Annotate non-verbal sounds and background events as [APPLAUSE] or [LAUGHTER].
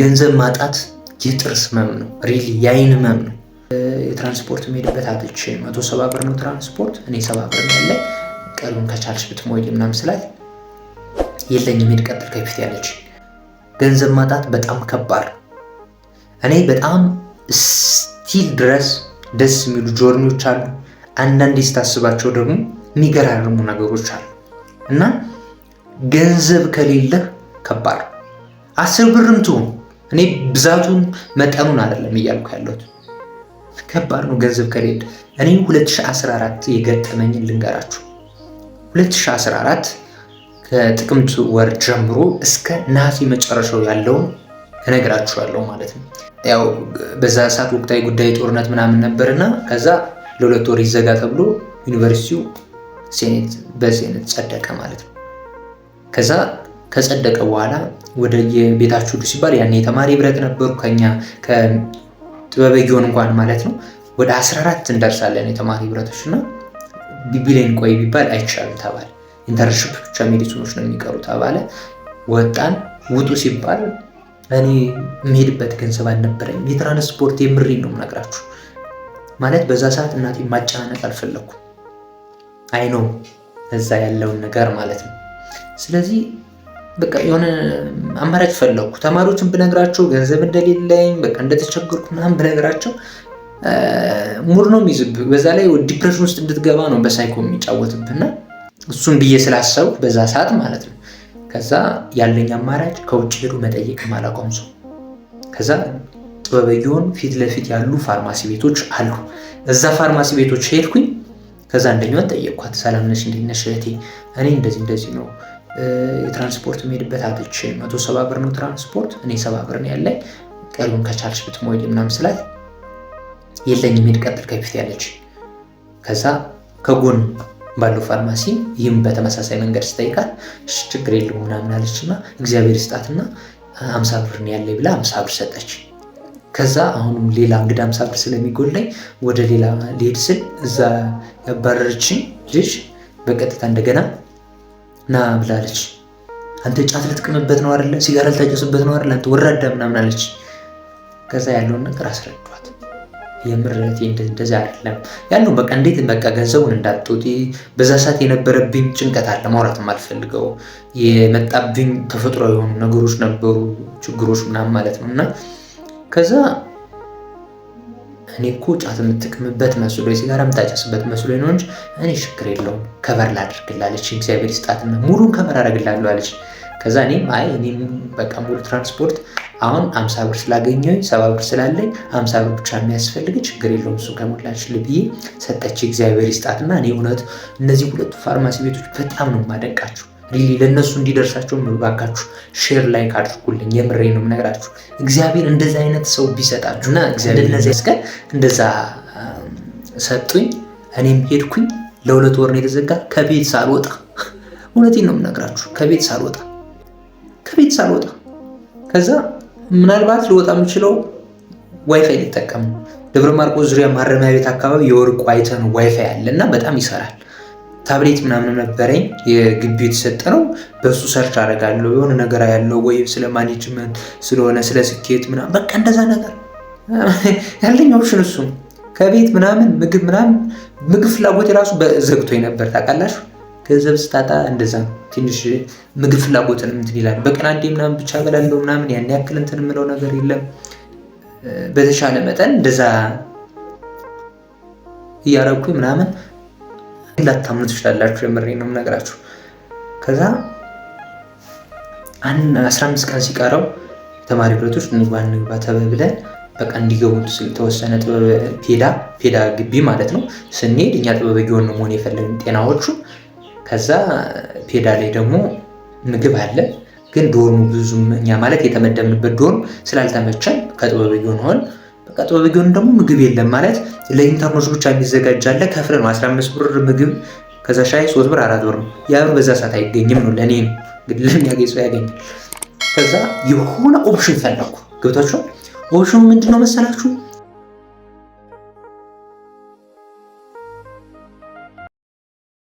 ገንዘብ ማጣት የጥርስ ህመም ነው። ሪሊ የአይን ህመም ነው። የትራንስፖርት የሚሄድበት አጥቼ መቶ ሰባ ብር ነው ትራንስፖርት እኔ ሰባ ብር ነው ያለ ቀሉን ከቻልሽ ብትሞይል ምናምን ስላት የለኝም ሄድ ቀጥል ከፊት ያለች ገንዘብ ማጣት በጣም ከባድ እኔ በጣም ስቲል ድረስ ደስ የሚሉ ጆርኒዎች አሉ። አንዳንዴ ስታስባቸው ደግሞ የሚገራርሙ ነገሮች አሉ እና ገንዘብ ከሌለህ ከባድ አስር ብርም ትሁን እኔ ብዛቱን መጠኑን አይደለም እያልኩ ያለሁት። ከባድ ነው ገንዘብ ከሌለ። እኔ 2014 የገጠመኝን ልንገራችሁ። 2014 ከጥቅምት ወር ጀምሮ እስከ ነሐሴ መጨረሻው ያለውን እነግራችኋለሁ ማለት ነው። ያው በዛ ሰዓት ወቅታዊ ጉዳይ ጦርነት ምናምን ነበር እና ከዛ ለሁለት ወር ይዘጋ ተብሎ ዩኒቨርሲቲው ሴኔት በሴኔት ጸደቀ ማለት ነው። ከዛ ከጸደቀ በኋላ ወደ የቤታችሁ ሁሉ ሲባል ያኔ የተማሪ ህብረት ነበሩ ከኛ ከጥበበ ግዮን እንኳን ማለት ነው ወደ 14 እንደርሳለን የተማሪ ህብረቶች እና ቢቢሌን ቆይ ቢባል አይቻልም ተባለ። ኢንተርንሽፕ ብቻ ሜዲሲኖች ነው የሚቀሩ ተባለ። ወጣን። ውጡ ሲባል እኔ የምሄድበት ገንዘብ አልነበረኝ። የትራንስፖርት የምሪ ነው የምነግራችሁ ማለት በዛ ሰዓት እናቴ ማጨናነቅ አልፈለኩም። አይኖ እዛ ያለውን ነገር ማለት ነው። ስለዚህ በቃ የሆነ አማራጭ ፈለግኩ። ተማሪዎችን ብነግራቸው ገንዘብ እንደሌለኝ በቃ እንደተቸገርኩ ምናምን ብነግራቸው ሙር ነው የሚይዝብህ። በዛ ላይ ዲፕሬሽን ውስጥ እንድትገባ ነው በሳይኮ የሚጫወትብህና እሱን ብዬ ስላሰብኩ በዛ ሰዓት ማለት ነው። ከዛ ያለኝ አማራጭ ከውጭ ሄዱ መጠየቅ ማላቆም ሰው። ከዛ ጥበበየሆን ፊት ለፊት ያሉ ፋርማሲ ቤቶች አሉ። እዛ ፋርማሲ ቤቶች ሄድኩኝ። ከዛ አንደኛዋን ጠየቅኳት። ሰላም ነሽ? እንዴት ነሽ እህቴ? እኔ እንደዚህ እንደዚህ ነው የትራንስፖርት የሚሄድበት አትች መቶ ሰባ ብር ነው ትራንስፖርት፣ እኔ ሰባ ብር ነው ያለኝ፣ ቀሪውን ከቻልሽ ብትሞይል ምናምን ስላት የለኝም ሂድ ቀጥል ከፊት ያለች። ከዛ ከጎን ባለው ፋርማሲ ይህም በተመሳሳይ መንገድ ስጠይቃት ችግር የለው ምናምን አለችና እግዚአብሔር ስጣትና አምሳ ብር ያለ ብላ አምሳ ብር ሰጠች። ከዛ አሁንም ሌላ እንግዳ አምሳ ብር ስለሚጎላኝ ወደ ሌላ ሊሄድ ስል እዛ ያባረረችኝ ልጅ በቀጥታ እንደገና ና ብላለች። አንተ ጫት ልትቅምበት ነው አይደለ? ሲጋራ ልታጨስበት ነው አይደለ? አንተ ወራዳ ምናምን አለች። ከዛ ያለውን ነገር አስረዷት። የምረት እንደዛ አይደለም ያለው። በቃ እንዴት በቃ ገንዘቡን እንዳጡት በዛ ሰዓት የነበረብኝ ጭንቀት አለ፣ ማውራት አልፈልገው የመጣብኝ ተፈጥሮ የሆኑ ነገሮች ነበሩ፣ ችግሮች ምናምን ማለት ነው እና ከዛ እኔ እኮ ጫት የምትቅምበት መስሎ ሲጋራ የምታጨስበት መስሎ ነው እንጂ እኔ ችግር የለውም ከበር ላድርግላለች። እግዚአብሔር ይስጣትና ሙሉን ከበር አደርግላለሁ አለች። ከዛ እኔም አይ እኔም በቃ ሙሉ ትራንስፖርት አሁን አምሳ ብር ስላገኘኝ ሰባ ብር ስላለኝ አምሳ ብር ብቻ የሚያስፈልግ ችግር የለውም እሱ ከሞላችል ብዬ ሰጠች። እግዚአብሔር ይስጣትና እኔ እውነት እነዚህ ሁለቱ ፋርማሲ ቤቶች በጣም ነው የማደንቃቸው። ሪሊ ለእነሱ እንዲደርሳቸው ባካችሁ ሼር ላይክ አድርጉልኝ። የምሬ ነው የምነግራችሁ። እግዚአብሔር እንደዚ አይነት ሰው ቢሰጣችሁ እና እግዚአብሔር እንደዛ ሰጡኝ። እኔም ሄድኩኝ። ለሁለት ወር ነው የተዘጋ። ከቤት ሳልወጣ [LAUGHS] እውነቴን ነው የምነግራችሁ። ከቤት ሳልወጣ ከቤት ሳልወጣ ከዛ ምናልባት ልወጣ የምችለው ዋይፋይ ሊጠቀም ነው። ደብረ ማርቆስ ዙሪያ ማረሚያ ቤት አካባቢ የወርቅ ዋይተን ዋይፋይ አለ እና በጣም ይሰራል። ታብሌት ምናምን ነበረኝ የግቢ የተሰጠ ነው። በሱ ሰርች አደርጋለሁ የሆነ ነገር ያለው ወይም ስለ ማኔጅመንት ስለሆነ ስለ ስኬት ምናምን በቃ እንደዛ ነገር ያለኝ ኦፕሽን እሱ ከቤት ምናምን ምግብ ምናምን ምግብ ፍላጎት የራሱ ዘግቶኝ ነበር ታውቃላችሁ። ገንዘብ ስታጣ እንደዛ ትንሽ ምግብ ፍላጎትን እንትን ይላል። በቀን አንዴ ምናምን ብቻ እበላለሁ ምናምን ያን ያክል እንትን የምለው ነገር የለም። በተሻለ መጠን እንደዛ እያረኩኝ ምናምን ላታምኑ ትችላላችሁ። የምሬ ነው የምነግራችሁ። ከዛ አስራ አምስት ቀን ሲቀረው ተማሪ ህብረቶች ንግባ ንግባ ተብለን በቃ እንዲገቡ ተወሰነ ጥበብ ፔዳ ፔዳ ግቢ ማለት ነው ስንሄድ እኛ ጥበበ ጊዮን ነው መሆን የፈለግን ጤናዎቹ። ከዛ ፔዳ ላይ ደግሞ ምግብ አለ፣ ግን ዶርሙ ብዙም እኛ ማለት የተመደብንበት ዶርም ስላልተመቸን ከጥበበ ጊዮን ሆን በቃ ጥበብ ቢሆን ደግሞ ምግብ የለም ማለት ለኢንተርኖች ብቻ የሚዘጋጅ አለ። ከፍለ ነው 15 ብር ምግብ ከዛ ሻይ 3 ብር አራት ብር ነው። ያ ብር በዛ ሰዓት አይገኝም ነው ለእኔ ነው እንግዲህ ለሚያገኝ ሰው ያገኛል። ከዛ የሆነ ኦፕሽን ፈለኩ ገብታችሁ ኦፕሽኑ ምንድነው መሰላችሁ?